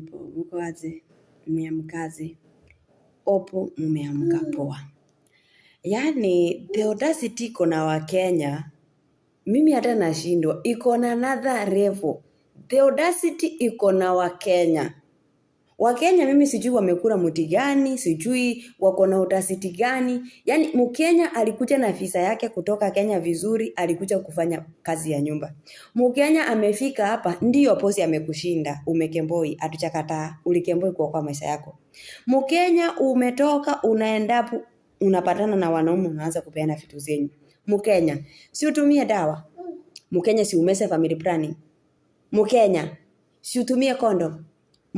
vipo, mkoaze mmeamkaze Opo, mmeamka hmm. poa. Yaani the audacity iko na Wakenya, mimi hata nashindwa, iko na another level. The audacity iko na Wakenya. Wakenya mimi sijui wamekula muti gani, sijui wako na utasiti gani. Yaani Mkenya alikuja na visa yake kutoka Kenya vizuri, alikuja kufanya kazi ya nyumba. Mkenya amefika hapa ndiyo posi amekushinda, umekemboi, atuchakataa, ulikemboi kwa kwa maisha yako. Mkenya umetoka unaendapo unapatana na wanaume unaanza kupeana vitu zenyu. Mkenya, si utumie dawa. Mkenya si umese family planning. Mkenya, si utumie condom.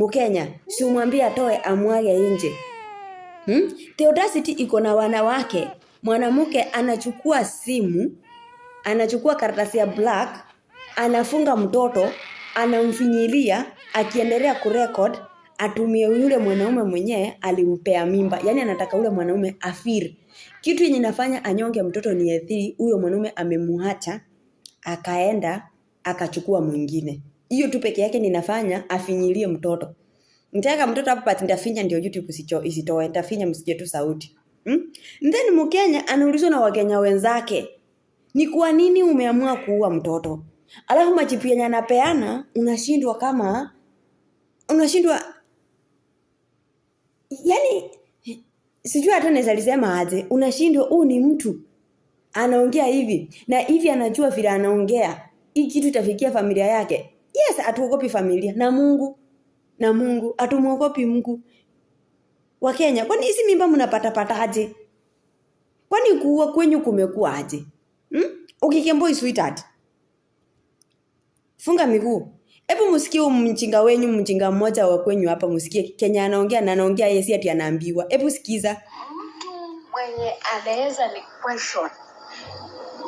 Mkenya si umwambie atoe amwage nje. Hmm? Theodacity iko na wanawake. Mwanamke anachukua simu, anachukua karatasi ya black, anafunga mtoto, anamfinyilia akiendelea kurekod atumie yule mwanaume mwenyewe alimpea mimba. Yaani anataka yule mwanaume afir. Kitu yenye nafanya anyonge mtoto ni ethiri huyo mwanaume amemuacha akaenda akachukua mwingine hiyo tu peke yake ninafanya afinyilie mtoto. Nitaka mtoto hapa but nitafinya ndio YouTube isicho isitoe. Nitafinya msije tu sauti. Hmm? Then Mkenya anaulizwa na Wakenya wenzake. Ni kwa nini umeamua kuua mtoto? Alafu majibu yenye anapeana unashindwa kama unashindwa yani sijui hata naweza lisema aje unashindwa huu ni mtu anaongea hivi na hivi anajua vile anaongea hii kitu itafikia familia yake Yes, atuogopi familia na Mungu na Mungu atumuogopi Mungu. Wa Kenya, kwani hizi mimba mnapata pataje? Kwani kuua kwenyu kumekuwa aje? Hmm? Ukikemboi sweetheart. Funga miguu. Hebu msikie mchinga wenyu mchinga mmoja wa kwenyu hapa msikie Kenya anaongea na anaongea yeye si ati anaambiwa. Hebu sikiza. Mtu mwenye anaweza ni question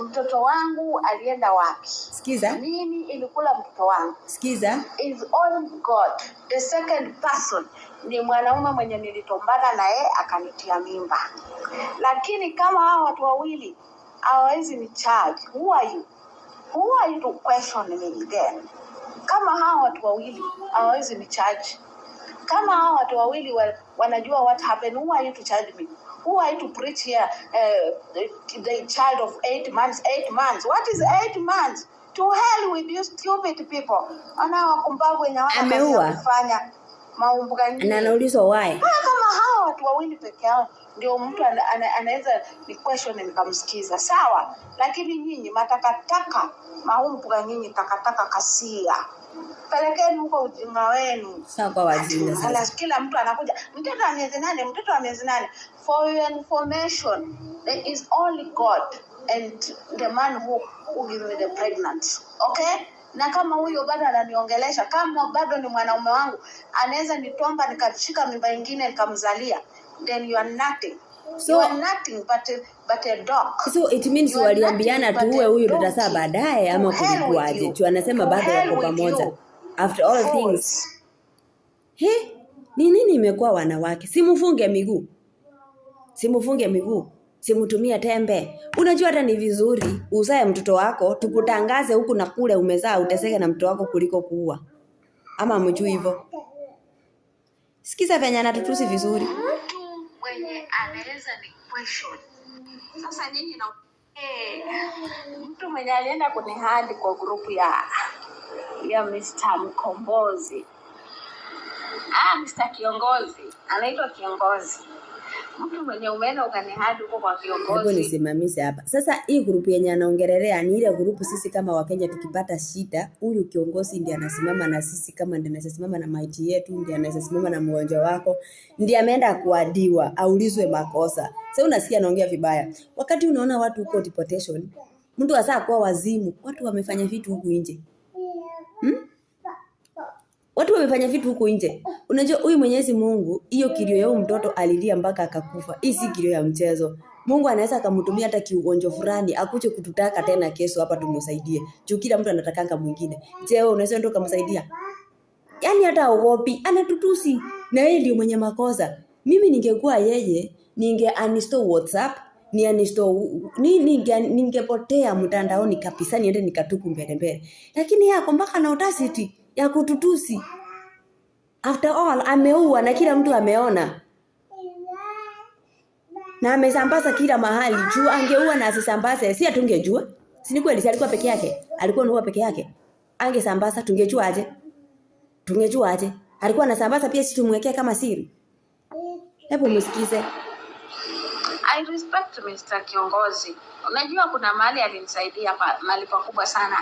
mtoto wangu alienda wapi? Sikiza. Nini ilikula mtoto wangu? Sikiza. Is all God. The second person ni mwanaume mwenye nilitombana naye akanitia mimba, lakini kama hao watu wawili hawawezi ni charge, who are you? Who are you to question me then? Kama hao watu wawili hawawezi ni charge, kama hao watu wawili wanajua what happened, who are you to charge me? who are you to preach here? Uh, the, the child of eight months, eight months. What is eight months? To hell with you stupid people. Ana wakumbavu wenye ameua maumbu gani? Na anaulizwa why? Ah, kama hao watu wawili peke yao ndio mtu anaweza ni question nikamsikiza sawa, lakini nyinyi matakataka maumbu gani? Nyinyi takataka kasia pelekeni huko ujinga wenu. kwa sasa, kila mtu anakuja mtoto wa miezi nane, mtoto wa miezi nane. For your information, there is only God and the man who, who give me the pregnant. Okay? Na kama huyo bado ananiongelesha, kama bado ni mwanaume wangu, anaweza nitomba nikashika mimba nyingine nikamzalia, then you are nothing. So, you are nothing but So it means waliambiana tuue huyu dada saa baadaye, ama kulikuwaje? Tu anasema bado yako pamoja after all things. He, ni nini imekuwa wanawake? Simufunge miguu, simufunge miguu, simutumia tembe. Unajua hata ni vizuri uzae mtoto wako, tukutangaze huku na kule, umezaa uteseke na mtoto wako kuliko kuua, ama mjui hivyo. Sikiza venye anatutusi vizuri mwenye anaweza ni question sasa nyinyi na eh, mtu mwenye alienda kwenye hadi kwa grupu ya ya Mr. Mkombozi, ah, Mr. Kiongozi anaitwa Kiongozi Hebu nisimamishe hapa sasa. Hii grupu yenye anaongelelea ni ile grupu, sisi kama Wakenya tukipata shida, huyu kiongozi ndiye anasimama na sisi, kama ndiye anasimama na maiti yetu, ndiye anasimama na mgonjwa wako, ndiye ameenda kuadiwa, aulizwe makosa. Sasa unasikia anaongea vibaya, wakati unaona watu huko deportation, mtu asaa kuwa wazimu, watu wamefanya vitu huku nje hmm? Watu wamefanya vitu huko nje. Unajua huyu Mwenyezi Mungu, hiyo kilio ya mtoto alilia mpaka akakufa. Hii si kilio ya mchezo. Mungu anaweza akamtumia hata kiugonjo fulani akuje kututaka tena kesho hapa tumusaidie. Juu kila mtu anatakanga mwingine. Je, wewe unaweza ndio kumsaidia? Yaani hata uopi, anatutusi na yeye ndio mwenye makosa. Mimi ningekuwa yeye, ninge uninstall WhatsApp, ni uninstall ni ninge ningepotea mtandaoni kabisa niende nikatuku mbele mbele. Lakini yako mpaka na audacity ya kututusi. After all ameua na kila mtu ameona na amesambaza kila mahali juu angeua na asisambaze si atungejua si ni kweli alikuwa peke yake alikuwa nuua peke yake angesambaza tungejua aje tungejua aje alikuwa anasambaza pia si tumwekea kama siri hebu msikize I respect Mr. Kiongozi unajua kuna mahali alinisaidia mahali pakubwa sana,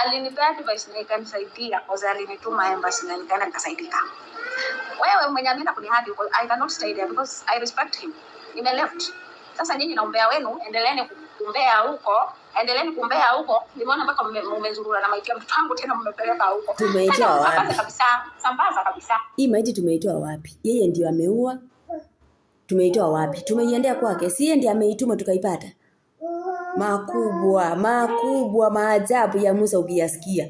alinipea advice na ikanisaidia, kwa sababu alinituma embassy na nikaenda nikasaidika. Wewe mwenye ameenda kunihadi, I cannot stay there because I respect him. Nime left. Sasa nyinyi naombea wenu, endeleeni kumbea huko, endeleeni kumbea huko. Nimeona mpaka mmezurura na maiti ya mtoto wangu tena mmepeleka huko. Tumeitoa wapi? Kabisa. Sambaza kabisa. Hii maiti tumeitoa wapi? Yeye ndio ameua. Tumeitoa wapi? Tumeiendea kwake. Si yeye ndiye ameituma tukaipata makubwa makubwa maajabu ya Musa ukiyasikia.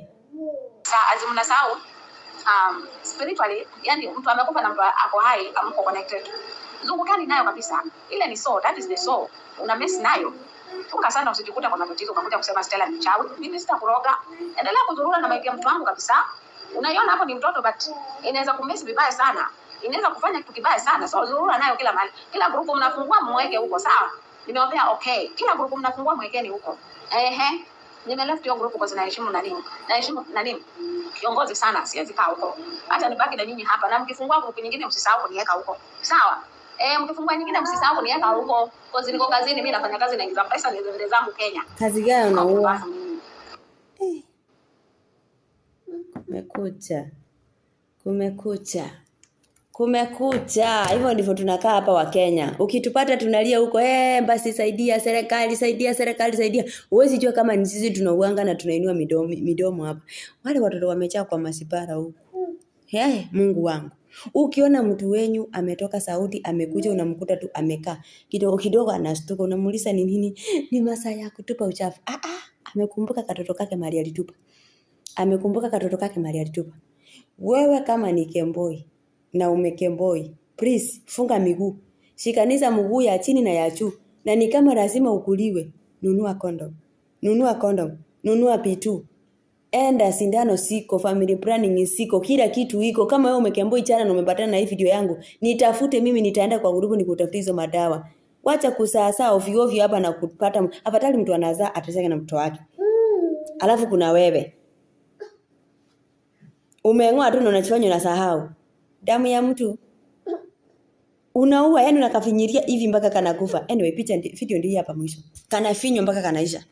zungukani um, nayo kabisa, ile ni soul, that is the soul, una mess nayo sana usijikuta kwa matatizo ukakuja kusema Stella ni mchawi. Mimi sitakuroga. Endelea kuzurura na maiki ya mtu wangu kabisa. Unaiona hapo ni mtoto but inaweza vibaya sana. Inaweza kufanya kitu kibaya sana. So zurura nayo kila mahali. Kila grupu mnafungua mweke huko sawa nimewambia okay, kila grupu mnafungua mwekeni huko. Ehe. Nimeleft hiyo grupu kwa zinaheshimu na nini? Naheshimu na nini? Kiongozi sana, siwezi kaa huko. Hata nibaki na nyinyi hapa na mkifungua grupu nyingine msisahau kuniweka huko. Sawa? Eh, mkifungua nyingine msisahau kuniweka huko. Kwa niko kazini mi nafanya kazi naingiza pesa niende zangu Kenya. Kazi gani unaua? Eh. Kumekucha. Kumekucha. Kumekucha. Hivyo ndivyo tunakaa hapa wa Kenya. Ukitupata tunalia huko, eh, basi saidia serikali, saidia serikali, saidia. Uwezi jua kama ni sisi tunauanga na tunainua midomo, midomo hapa. Wale watoto wamechaa kwa masipara huko. Hey, eh, Mungu wangu. Ukiona mtu wenyu ametoka Saudi amekuja unamkuta tu amekaa kidogo kidogo, anastuka, unamuuliza ni nini? Ni masaa ya kutupa uchafu. Ah, ah, amekumbuka katoto kake mali alitupa, amekumbuka katoto kake mali alitupa. Wewe kama ni kemboi na umekemboi. Please funga miguu. shikaniza mguu ya chini na ya juu. Na ni kama lazima ukuliwe, nunua condom. Nunua condom. Nunua P2. Enda sindano siko, family planning siko, kila kitu iko. Kama wewe umekemboi chana na umepatana na hii video yangu, nitafute mimi nitaenda kwa grupu nikutafute hizo madawa. Wacha kusaasa ovyo ovyo hapa na kupata afadhali mtu anazaa atacheka na mtoto wake. Alafu kuna wewe. Umeeng'oa tu na unachofanya unasahau damu ya mtu unaua yani unakafinyiria hivi mpaka kanakufa. Anyway, picha video ndio hapa mwisho, kanafinywa mpaka kanaisha.